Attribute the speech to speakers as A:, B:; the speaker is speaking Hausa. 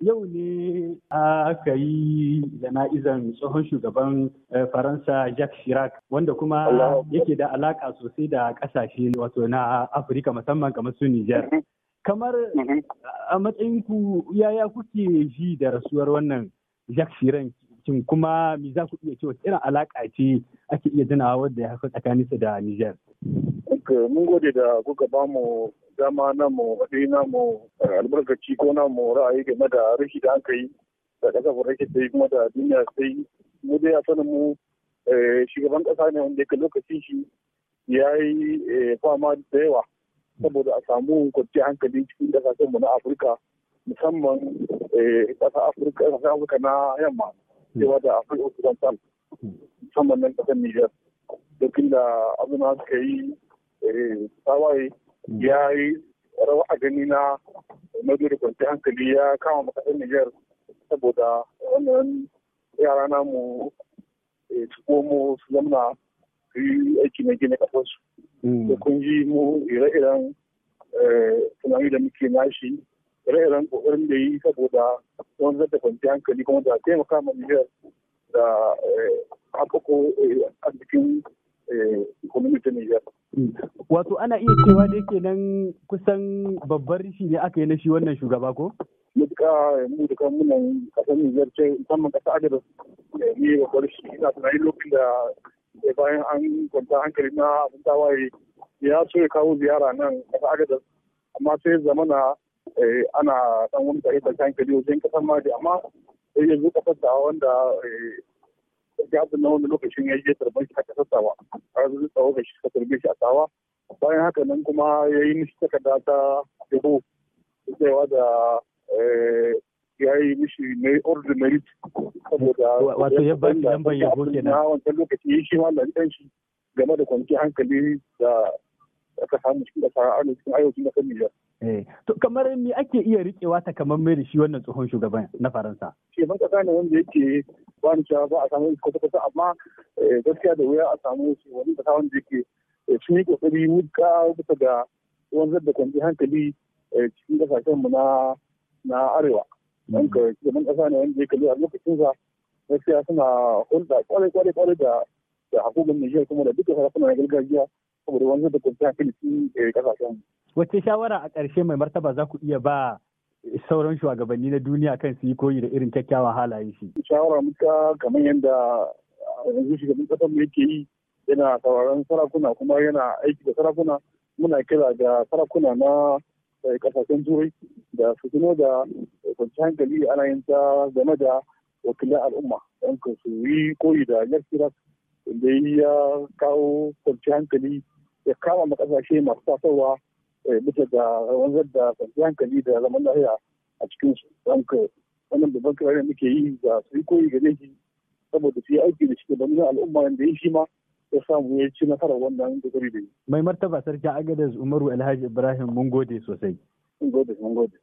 A: yau ne aka yi jana'izan tsohon shugaban eh, faransa jacques chirac wanda kuma yake da alaka sosai da kasashe wato na afirka musamman kamar su niger mm-hmm. kamar mm-hmm. a matsayinku yaya kuke ji da rasuwar wannan jacques chirac shin kuma mi za ku iya cewa irin alaƙa ce ake iya jinawa wadda ya haifa su da Nijar.
B: mun gode da kuka ba mu dama na mu waɗi na mu albarkaci ko na mu ra'ayi game da rashi da aka yi da kasafin rashi da kuma da duniya sai mu dai a sanin mu eh, shugaban ƙasa ne wanda ya lokaci shi ya yi eh, fama da yawa saboda a samu kwanciyar hankali cikin mu na afirka musamman eh, ƙasa afirka na yamma cewa da akwai ofisan sam musamman nan kasar Nijar da da abin suka yi eh, tsawaye ya yi rawa a gani na madu kwanci hankali ya kama makasar Nijar saboda wannan yara namu eh, su komo su zamana su yi aiki na gina kasarsu mm. Da kun ji mu ire-iren eh, tunani da muke nashi ire-iren kokarin da yi saboda wani zata kwanci hankali kuma da taimaka ma Nijar da eh, haɓako eh, arzikin eh, cikin ta Nijar. Wato ana iya
A: cewa da nan kusan babbar rishi ne aka yi na shi wannan shugaba ko?
B: mutuka mutuka muna munan kasar Nijar ce musamman kasar Adabas ne babbar shi ina tunanin lokacin da bayan an kwanta hankali na abin tawaye ya so ya kawo ziyara nan kasa Adabas amma sai zamana Eh, ana dan wani tsare da kadi wajen kasar mali amma sai ya zo kasar da wanda eh, ya abin na wani lokacin ya je tarbar shi a kasar tawa har zuwa tsawo ga shi ka tarbe shi a tsawa bayan haka nan kuma ya yi mishi takarda ta dubu cewa da eh, ya yi mishi mai order merit saboda wato ya ba shi lambar yabo kenan wancan lokaci shi ma lantan shi game da kwanciyar hankali da aka samu cikin da fara'ar cikin ayyukan da kan Nijar. Eh,
A: to kamar me ake iya riƙewa ta kamar mai da shi wannan tsohon shugaban na Faransa?
B: Shugaban ƙasa ne wanda yake ba ni cewa ba a samu kwata kwata amma eh, gaskiya da wuya a samu shugaban ƙasa wanda yake eh, sun yi ƙoƙari muka bisa ga wanzar da kwanci hankali cikin ƙasashenmu na na arewa. Mm. Don ka shugaban ƙasa ne wanda yake a sa gaskiya suna hulɗa kwarai kwarai kwarai da da hukumar Nijiyar kuma da duka sarakunan gargajiya saboda wanzar da kwanci hankali cikin mu.
A: Wace shawara a ƙarshe mai martaba za ku iya ba sauran shugabanni na duniya kan su yi koyi da irin kyakkyawan halaye shi?
B: Shawara muka kamar yadda yanzu shugaban ƙasar mu yake yi yana sauraron sarakuna kuma yana aiki da sarakuna muna kira ga sarakuna na kasashen eh, turai da su tuno da kwanci hankali ana yin ta game da wakilan al'umma don ka su yi koyi da yarsiras da ya kawo kwanci hankali ya kama ma ƙasashe masu tasowa Eh, bisa ga wanzar da kwanci hankali da zaman lahiya a cikin su wannan babban kirarin muke yi ga su yi koyi gare saboda su yi aiki da shi da al'umma yadda ya shi ma ya samu ya ci nasarar wannan zuri da yi.
A: Mai martaba sarki Agadez Umaru Alhaji Ibrahim mun gode sosai.
B: Mun gode, mun gode.